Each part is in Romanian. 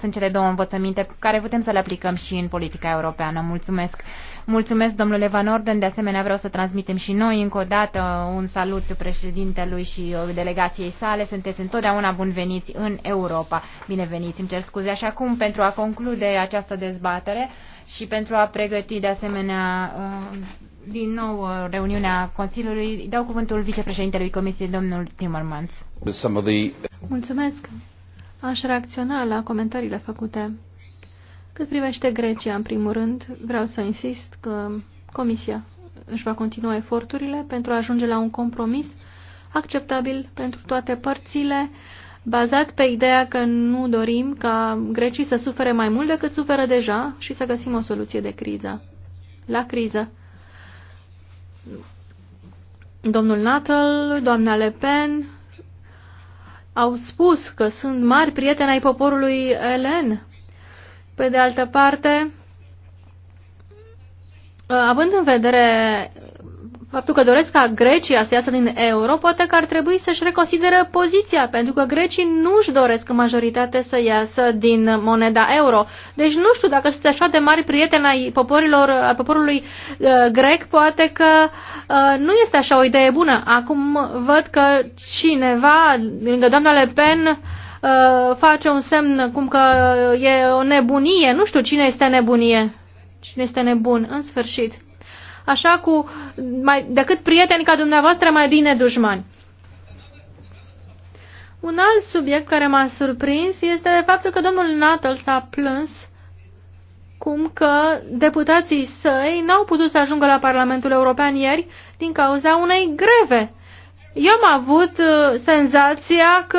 sunt cele două învățăminte care putem să le aplicăm și în politica europeană. Mulțumesc! Mulțumesc, domnule Van Orden. De asemenea, vreau să transmitem și noi încă o dată un salut președintelui și uh, delegației sale. Sunteți întotdeauna veniți în Europa. Bineveniți, îmi cer scuze. Așa cum, pentru a conclude această dezbatere și pentru a pregăti, de asemenea, uh, din nou uh, reuniunea Consiliului, dau cuvântul vicepreședintelui Comisiei, domnul Timmermans. Mulțumesc! Aș reacționa la comentariile făcute. Cât privește Grecia, în primul rând, vreau să insist că Comisia își va continua eforturile pentru a ajunge la un compromis acceptabil pentru toate părțile, bazat pe ideea că nu dorim ca grecii să sufere mai mult decât suferă deja și să găsim o soluție de criză. La criză. Domnul Nuttall, doamna Le Pen, au spus că sunt mari prieteni ai poporului elen. Pe de altă parte, având în vedere faptul că doresc ca Grecia să iasă din euro, poate că ar trebui să-și reconsideră poziția, pentru că grecii nu își doresc în majoritate să iasă din moneda euro. Deci nu știu dacă sunt așa de mari prieteni ai, poporilor, a poporului uh, grec, poate că uh, nu este așa o idee bună. Acum văd că cineva, lângă doamna Le Pen, uh, face un semn cum că e o nebunie. Nu știu cine este nebunie. Cine este nebun, în sfârșit așa cu mai, decât prieteni ca dumneavoastră, mai bine dușmani. Un alt subiect care m-a surprins este de faptul că domnul Natal s-a plâns cum că deputații săi n-au putut să ajungă la Parlamentul European ieri din cauza unei greve. Eu am avut uh, senzația că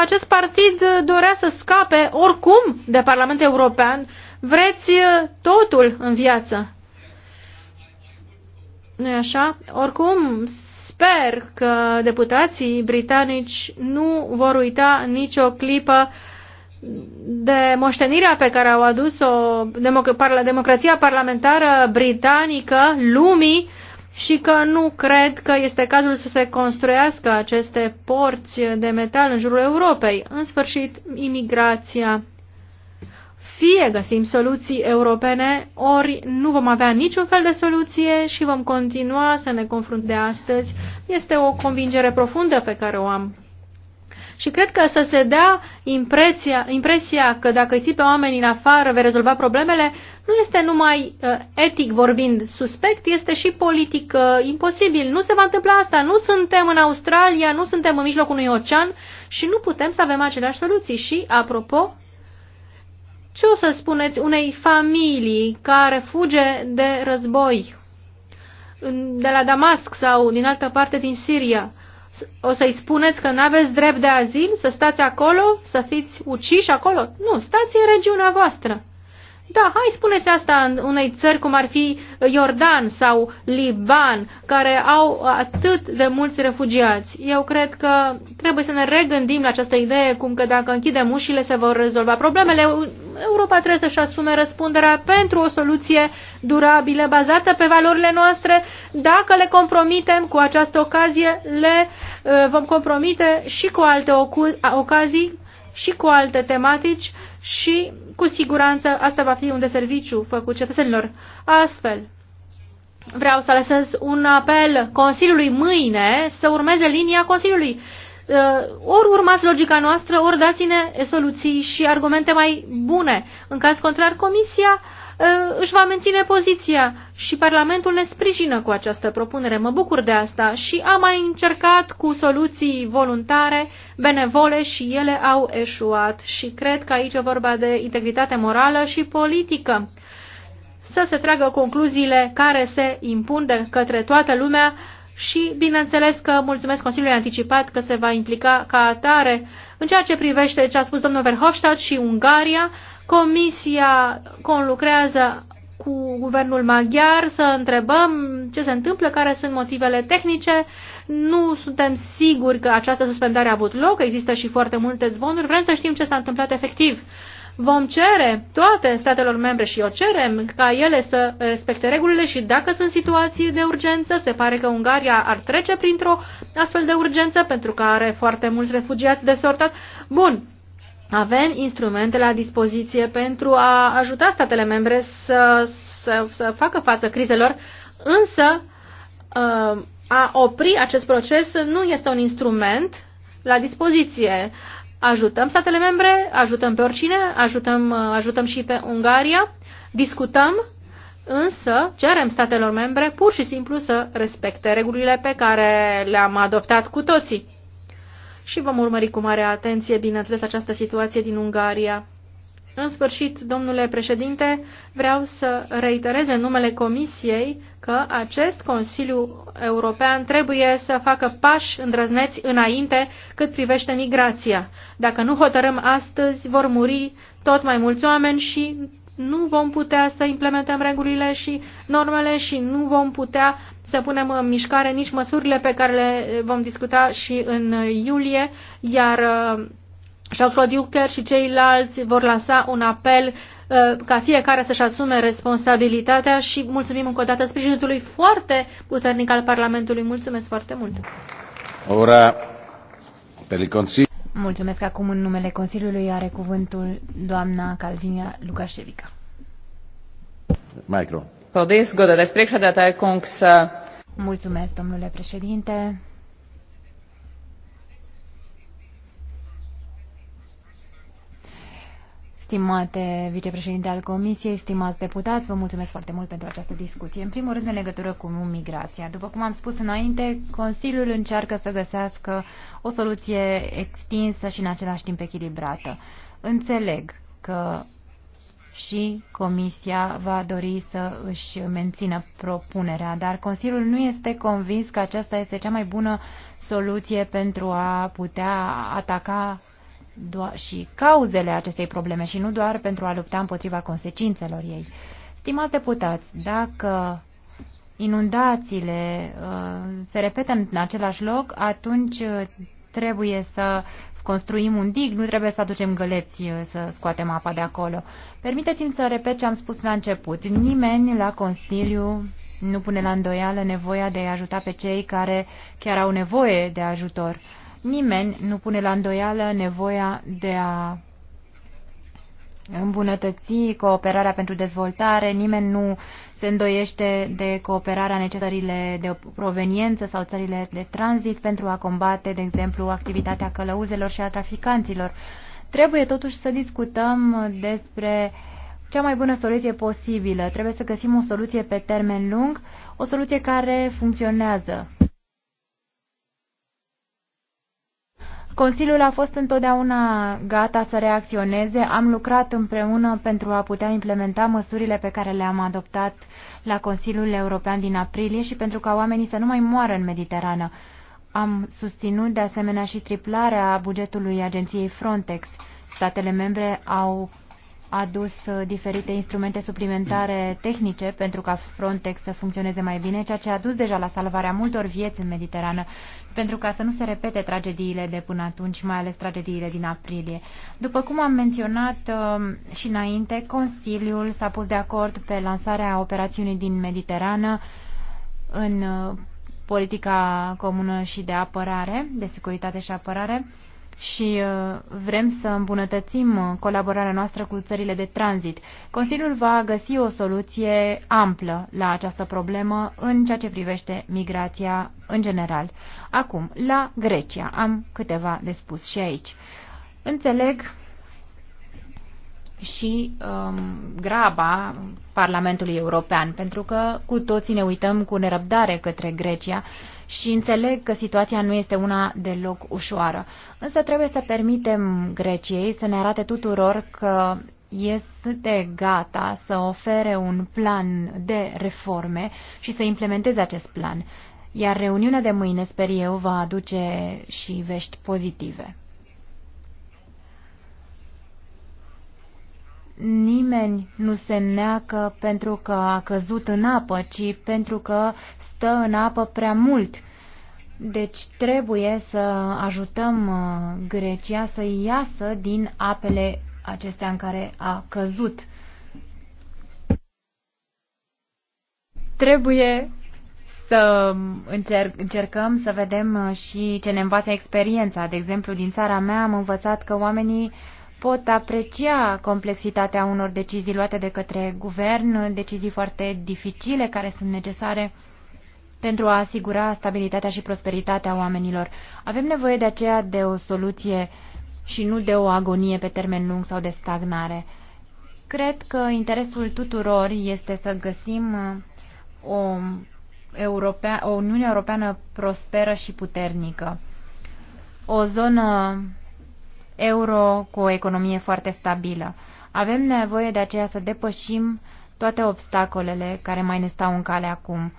acest partid dorea să scape oricum de Parlamentul European. Vreți uh, totul în viață nu așa? Oricum, sper că deputații britanici nu vor uita nicio clipă de moștenirea pe care au adus-o democ- democrația parlamentară britanică lumii și că nu cred că este cazul să se construiască aceste porți de metal în jurul Europei. În sfârșit, imigrația fie găsim soluții europene, ori nu vom avea niciun fel de soluție și vom continua să ne confruntăm de astăzi. Este o convingere profundă pe care o am. Și cred că să se dea impresia, impresia că dacă îi ții pe oamenii în afară vei rezolva problemele, nu este numai uh, etic vorbind suspect, este și politic uh, imposibil. Nu se va întâmpla asta. Nu suntem în Australia, nu suntem în mijlocul unui ocean și nu putem să avem aceleași soluții. Și, apropo, ce o să spuneți unei familii care fuge de război de la Damasc sau din altă parte din Siria? O să-i spuneți că nu aveți drept de azil, să stați acolo, să fiți uciși acolo? Nu, stați în regiunea voastră. Da, hai spuneți asta în unei țări cum ar fi Iordan sau Liban, care au atât de mulți refugiați. Eu cred că trebuie să ne regândim la această idee cum că dacă închidem ușile se vor rezolva problemele. Europa trebuie să-și asume răspunderea pentru o soluție durabilă, bazată pe valorile noastre. Dacă le compromitem cu această ocazie, le eh, vom compromite și cu alte ocazii și cu alte tematici și cu siguranță asta va fi un deserviciu făcut cetățenilor. Astfel, vreau să lăsez un apel Consiliului mâine să urmeze linia Consiliului Uh, ori urmați logica noastră, ori dați-ne soluții și argumente mai bune. În caz contrar, Comisia uh, își va menține poziția și Parlamentul ne sprijină cu această propunere. Mă bucur de asta și am mai încercat cu soluții voluntare, benevole și ele au eșuat și cred că aici e vorba de integritate morală și politică. Să se tragă concluziile care se impun de către toată lumea și, bineînțeles, că mulțumesc Consiliului anticipat că se va implica ca atare în ceea ce privește ce a spus domnul Verhofstadt și Ungaria. Comisia conlucrează cu guvernul maghiar să întrebăm ce se întâmplă, care sunt motivele tehnice. Nu suntem siguri că această suspendare a avut loc, există și foarte multe zvonuri. Vrem să știm ce s-a întâmplat efectiv vom cere toate statelor membre și o cerem ca ele să respecte regulile și dacă sunt situații de urgență, se pare că Ungaria ar trece printr-o astfel de urgență pentru că are foarte mulți refugiați de sortat. Bun, avem instrumente la dispoziție pentru a ajuta statele membre să, să, să facă față crizelor, însă uh, a opri acest proces nu este un instrument la dispoziție. Uh, ajutăm statele membre, ajutăm pe oricine, ajutăm, uh, ajutăm și pe Ungaria, discutăm, însă cerem statelor membre pur și simplu să respecte regulile pe care le-am adoptat cu toții. Și vom urmări cu mare atenție, bineînțeles, această situație din Ungaria în sfârșit, domnule președinte, vreau să reiterez în numele Comisiei că acest Consiliu European trebuie să facă pași îndrăzneți înainte cât privește migrația. Dacă nu hotărâm astăzi, vor muri tot mai mulți oameni și nu vom putea să implementăm regulile și normele și nu vom putea să punem în mișcare nici măsurile pe care le vom discuta și în iulie, iar Jean-Claude Juncker și ceilalți vor lansa un apel uh, ca fiecare să-și asume responsabilitatea și mulțumim încă o dată sprijinului foarte puternic al Parlamentului. Mulțumesc foarte mult! Ora, Consiliu. Mulțumesc acum în numele Consiliului are cuvântul doamna Calvinia Lukashevica. Micro. Mulțumesc, domnule președinte, Stimate vicepreședinte al Comisiei, stimați deputați, vă mulțumesc foarte mult pentru această discuție. În primul rând, în legătură cu migrația. După cum am spus înainte, Consiliul încearcă să găsească o soluție extinsă și în același timp echilibrată. Înțeleg că și Comisia va dori să își mențină propunerea, dar Consiliul nu este convins că aceasta este cea mai bună soluție pentru a putea ataca și cauzele acestei probleme și nu doar pentru a lupta împotriva consecințelor ei. Stimați deputați, dacă inundațiile uh, se repetă în același loc, atunci uh, trebuie să construim un dig, nu trebuie să aducem găleți uh, să scoatem apa de acolo. Permiteți-mi să repet ce am spus la început. Nimeni la Consiliu nu pune la îndoială nevoia de a ajuta pe cei care chiar au nevoie de ajutor. Uh, Nimeni nu pune la îndoială nevoia de a îmbunătăți cooperarea pentru dezvoltare, nimeni nu se îndoiește de cooperarea necesările de proveniență sau țările de tranzit pentru a combate, de exemplu, activitatea călăuzelor și a traficanților. Trebuie totuși să discutăm despre cea mai bună soluție posibilă. Trebuie să găsim o soluție pe termen lung, o soluție care funcționează. Consiliul a fost întotdeauna gata să reacționeze. Am lucrat împreună pentru a putea implementa măsurile pe care le-am adoptat la Consiliul European din aprilie și pentru ca oamenii să nu mai moară în Mediterană. Am susținut de asemenea și triplarea bugetului agenției Frontex. Statele membre au adus uh, diferite instrumente suplimentare tehnice pentru ca Frontex să funcționeze mai bine, ceea ce a dus deja la salvarea multor vieți în Mediterană, pentru ca să nu se repete tragediile de până atunci, mai ales tragediile din aprilie. După cum am menționat uh, și înainte, Consiliul s-a pus de acord pe lansarea operațiunii din Mediterană în uh, politica comună și de apărare, de securitate și apărare, și uh, vrem să îmbunătățim uh, colaborarea noastră cu țările de tranzit. Consiliul va găsi o soluție amplă la această problemă în ceea ce privește migrația în general. Acum, la Grecia, am câteva de spus și aici. Înțeleg și um, graba Parlamentului European, pentru că cu toții ne uităm cu nerăbdare către Grecia, uh, și înțeleg că situația nu este una deloc ușoară. Însă trebuie să permitem Greciei să ne arate tuturor că este gata să ofere un plan de reforme și să implementeze acest plan. Iar reuniunea de mâine, sper eu, va aduce și vești pozitive. nimeni nu se neacă pentru că a căzut în apă, ci pentru că stă în apă prea mult. Deci trebuie să ajutăm uh, Grecia să iasă din apele acestea în care a căzut. Trebuie să încerc, încercăm să vedem uh, și ce ne învață experiența. De exemplu, din țara mea am învățat că oamenii uh, pot aprecia complexitatea unor decizii luate de către guvern, decizii foarte dificile care sunt necesare pentru a asigura stabilitatea și prosperitatea oamenilor. Avem nevoie de aceea de o soluție și nu de o agonie pe termen lung sau de stagnare. Cred că interesul tuturor este să găsim uh, o, Europea, o Uniune Europeană prosperă și puternică. O zonă euro cu o economie foarte stabilă. Avem nevoie de aceea să depășim toate obstacolele care mai ne stau în cale acum.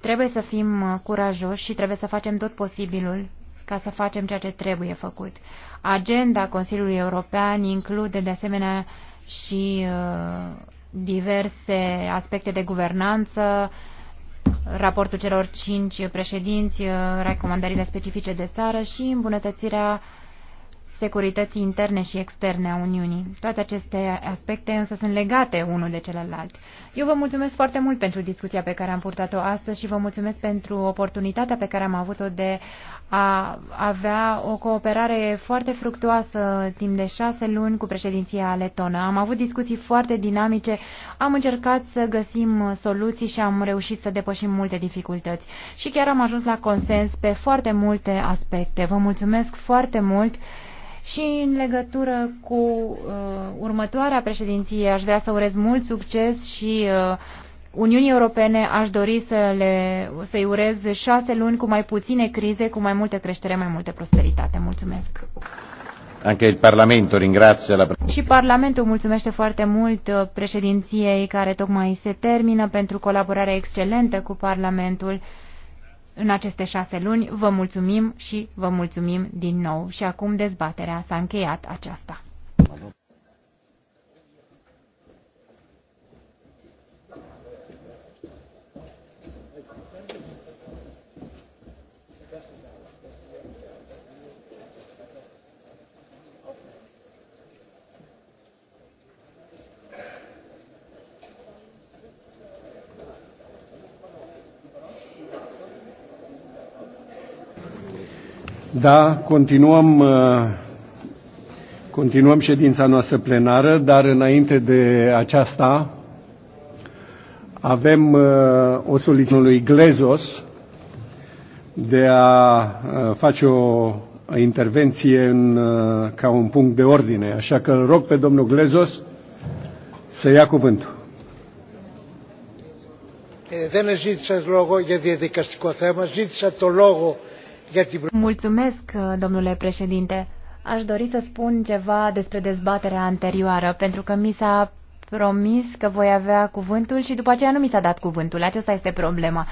Trebuie să fim curajoși și trebuie să facem tot posibilul ca să facem ceea ce trebuie făcut. Agenda Consiliului European include de asemenea și uh, diverse aspecte de guvernanță, raportul celor cinci președinți, uh, recomandările specifice de țară și îmbunătățirea securității interne și externe a Uniunii. Toate aceste aspecte însă sunt legate unul de celălalt. Eu vă mulțumesc foarte mult pentru discuția pe care am purtat-o astăzi și vă mulțumesc pentru oportunitatea pe care am avut-o de a avea o cooperare foarte fructuoasă timp de șase luni cu președinția letonă. Am avut discuții foarte dinamice, am încercat să găsim soluții și am reușit să depășim multe dificultăți. Și chiar am ajuns la consens pe foarte multe aspecte. Vă mulțumesc foarte mult! Și în legătură cu uh, următoarea președinție, aș vrea să urez mult succes și uh, Uniunii Europene aș dori să i să urez șase luni cu mai puține crize, cu mai multă creștere, mai multă prosperitate. Mulțumesc! Anche il Parlamento ringrazia la... Și Parlamentul mulțumește foarte mult uh, președinției care tocmai se termină pentru colaborarea excelentă cu Parlamentul în aceste șase luni. Vă mulțumim și vă mulțumim din nou. Și acum dezbaterea s-a încheiat aceasta. Da, continuăm, uh, continuăm ședința noastră plenară, dar înainte de aceasta avem uh, o solicitare lui Glezos de a uh, face o intervenție în, ca un punct de ordine. Așa că îl rog pe domnul Glezos să ia cuvântul. Δεν ζήτησα λόγο για διαδικαστικό θέμα, ζήτησα το λόγο Mulțumesc, domnule președinte. Aș dori să spun ceva despre dezbaterea anterioară, pentru că mi s-a promis că voi avea cuvântul și după aceea nu mi s-a dat cuvântul. Aceasta este problema.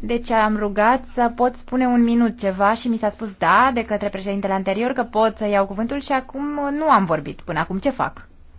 Deci am rugat să pot spune un minut ceva și mi s-a spus da de către președintele anterior că pot să iau cuvântul și acum nu am vorbit. Până acum ce fac?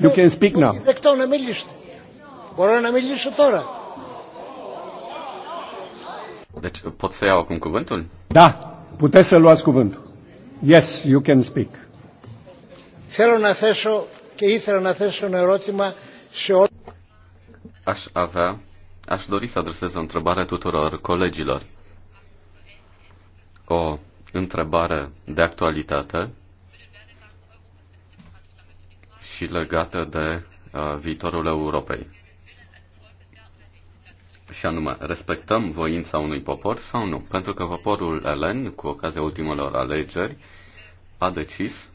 You can speak now. Δεκτό να μιλήσετε. Μπορώ να μιλήσω τώρα. Deci pot să iau acum cuvântul? Da, puteți să luați cuvântul. Yes, you can speak. Θέλω να θέσω και ήθελα να θέσω ένα ερώτημα σε όλους. Aș avea, aș dori să adresez o întrebare tuturor colegilor. O întrebare de actualitate și legată de uh, viitorul Europei. Și anume, respectăm voința unui popor sau nu? Pentru că poporul elen, cu ocazia ultimelor alegeri, a decis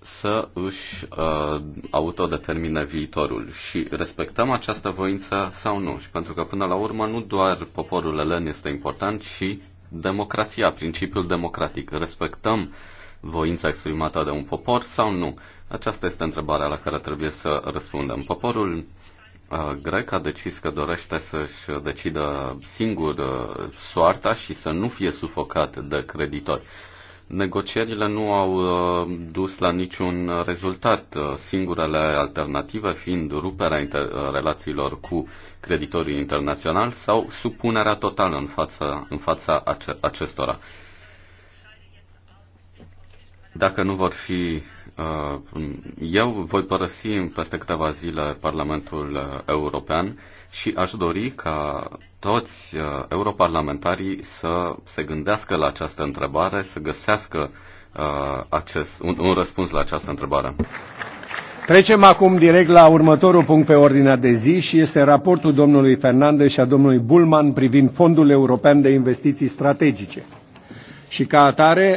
să își uh, autodetermine viitorul și respectăm această voință sau nu. Și pentru că până la urmă nu doar poporul elen este important, ci democrația, principiul democratic. Respectăm voința exprimată de un popor sau nu? Aceasta este întrebarea la care trebuie să răspundem. Poporul uh, grec a decis că dorește să-și decidă singur uh, soarta și să nu fie sufocat de creditori. Negocierile nu au uh, dus la niciun rezultat, singurele alternative fiind ruperea inter- relațiilor cu creditorii internaționali sau supunerea totală în fața, în fața ace- acestora. Dacă nu vor fi uh, eu voi părăsi peste câteva zile Parlamentul uh, European și aș dori ca toți uh, europarlamentarii să se gândească la această întrebare, să găsească acest, un, un răspuns la această întrebare. Trecem acum direct la următorul punct pe ordinea de zi și este raportul domnului Fernandez și a domnului Bulman privind Fondul European de Investiții Strategice. Și ca atare